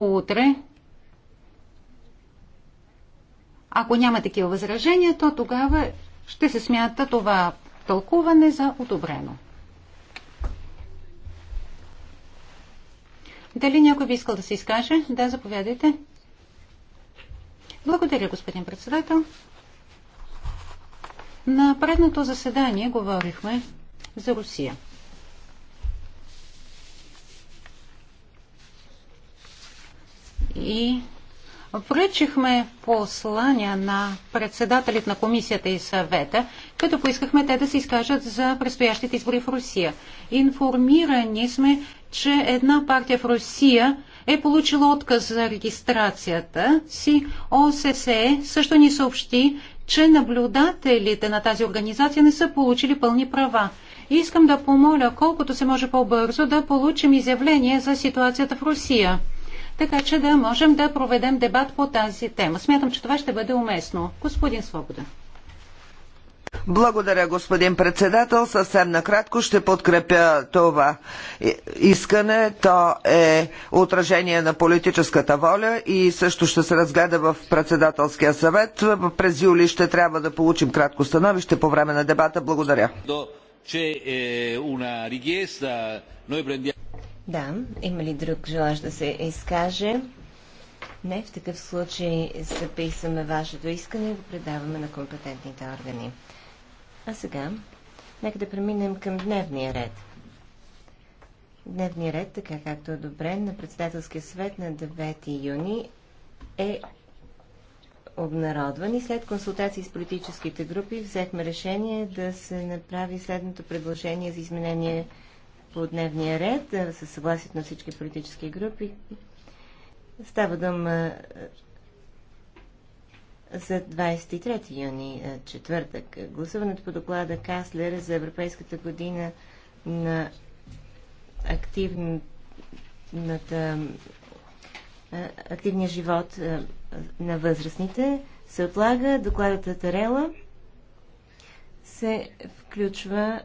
утре. Ако няма такива възражения, то тогава ще се смята това тълкуване за одобрено. Дали някой би искал да се изкаже? Да, заповядайте. Благодаря, господин председател. На предното заседание говорихме за Русия. и връчихме послания на председателят на комисията и съвета, като поискахме те да се изкажат за предстоящите избори в Русия. Информирани сме, че една партия в Русия е получила отказ за регистрацията си. ОССЕ също ни съобщи, че наблюдателите на тази организация не са получили пълни права. Искам да помоля колкото се може по-бързо да получим изявление за ситуацията в Русия така че да можем да проведем дебат по тази тема. Смятам, че това ще бъде уместно. Господин Свобода. Благодаря, господин председател. Съвсем накратко ще подкрепя това искане. То е отражение на политическата воля и също ще се разгледа в председателския съвет. През юли ще трябва да получим кратко становище по време на дебата. Благодаря. Е, да, има ли друг желаш да се изкаже? Не, в такъв случай записваме вашето искане и го предаваме на компетентните органи. А сега, нека да преминем към дневния ред. Дневния ред, така както е добре, на председателския съвет на 9 юни е обнародван и след консултации с политическите групи взехме решение да се направи следното предложение за изменение по дневния ред, със съгласието на всички политически групи. Става дума за 23 юни, четвъртък. Гласуването по доклада Каслер за Европейската година на активната, активния живот на възрастните се отлага. Докладът Тарела се включва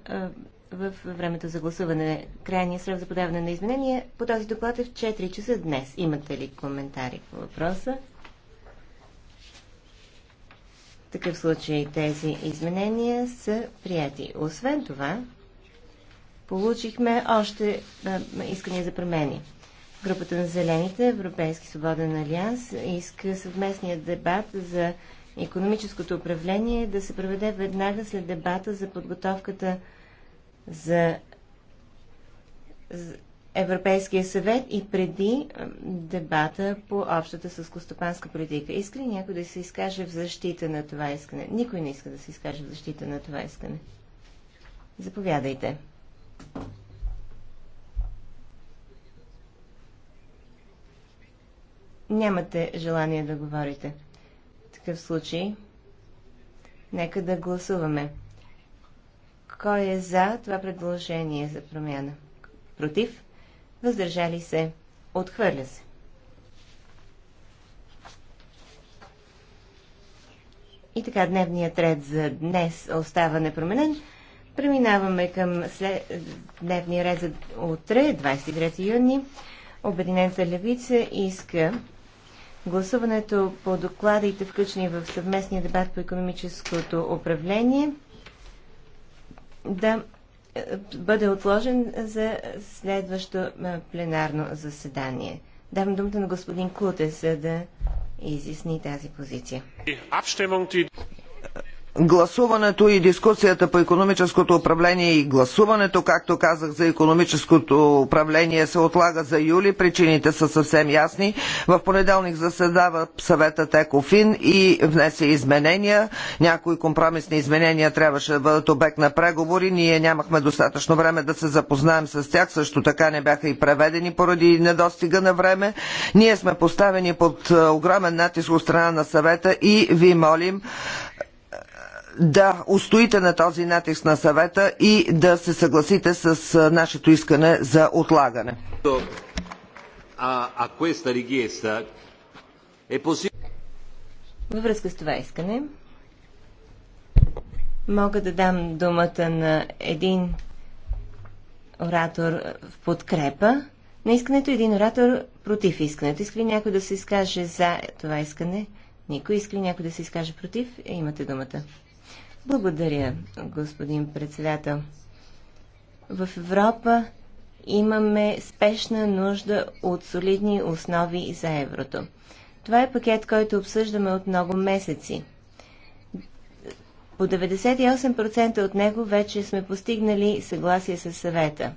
в времето за гласуване. Крайния срок за подаване на изменения по този доклад е в 4 часа днес. Имате ли коментари по въпроса? В такъв случай тези изменения са прияти. Освен това, получихме още искания за промени. Групата на зелените, Европейски свободен алианс, иска съвместния дебат за економическото управление да се проведе веднага след дебата за подготовката за Европейския съвет и преди дебата по общата съскостопанска политика. Иска ли някой да се изкаже в защита на това искане? Никой не иска да се изкаже в защита на това искане. Заповядайте. Нямате желание да говорите. В такъв случай, нека да гласуваме. Кой е за това предложение за промяна? Против? Въздържали се? Отхвърля се. И така, дневният ред за днес остава непроменен. Преминаваме към след... дневния ред за утре, 23 юни. Обединената левица иска гласуването по докладите, включени в съвместния дебат по економическото управление, да е, бъде отложен за следващо е, пленарно заседание. Давам думата на господин Кутес, за да изясни тази позиция гласуването и дискусията по економическото управление и гласуването, както казах, за економическото управление се отлага за юли. Причините са съвсем ясни. В понеделник заседава съветът Екофин и внесе изменения. Някои компромисни изменения трябваше да бъдат обект на преговори. Ние нямахме достатъчно време да се запознаем с тях. Също така не бяха и преведени поради недостига на време. Ние сме поставени под е, огромен натиск от страна на съвета и ви молим да устоите на този натиск на съвета и да се съгласите с нашето искане за отлагане. Във връзка с това искане, мога да дам думата на един оратор в подкрепа на искането, един оратор против искането. Иска ли някой да се изкаже за това искане? Никой. Иска ли някой да се изкаже против? Имате думата. Благодаря, господин председател. В Европа имаме спешна нужда от солидни основи за еврото. Това е пакет, който обсъждаме от много месеци. По 98% от него вече сме постигнали съгласие с съвета.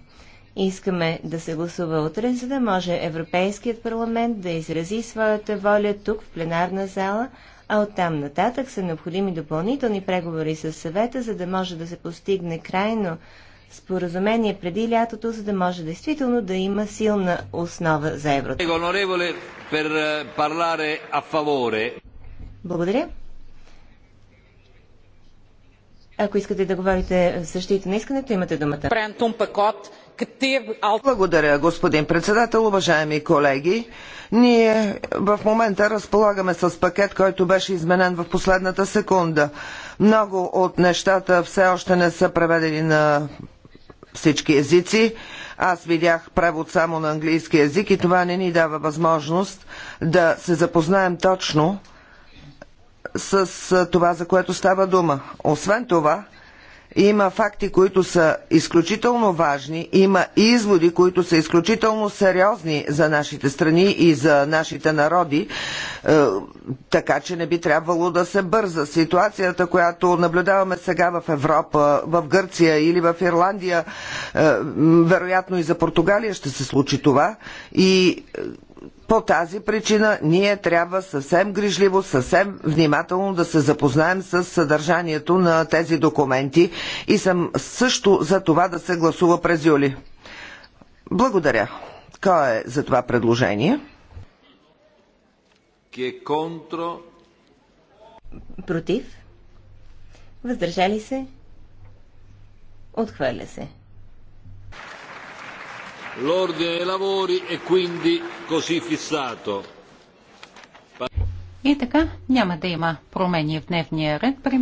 Искаме да се гласува утре, за да може Европейският парламент да изрази своята воля тук в пленарна зала, а оттам нататък са необходими допълнителни преговори с съвета, за да може да се постигне крайно споразумение преди лятото, за да може действително да има силна основа за еврото. Е, Благодаря. Ако искате да говорите в защита на искането, имате думата. Е Благодаря, господин председател. Уважаеми колеги, ние в момента разполагаме с пакет, който беше изменен в последната секунда. Много от нещата все още не са преведени на всички езици. Аз видях превод само на английски язик и това не ни дава възможност да се запознаем точно с това, за което става дума. Освен това, има факти, които са изключително важни, има изводи, които са изключително сериозни за нашите страни и за нашите народи, е, така че не би трябвало да се бърза. Ситуацията, която наблюдаваме сега в Европа, в Гърция или в Ирландия, е, вероятно и за Португалия ще се случи това и е, по тази причина ние трябва съвсем грижливо, съвсем внимателно да се запознаем с съдържанието на тези документи и съм също за това да се гласува през юли. Благодаря. Кой е за това предложение? Е Против? Въздържали се? Отхвърля се. L'ordine dei lavori è quindi così fissato. И така, няма да има промени в дневния ред.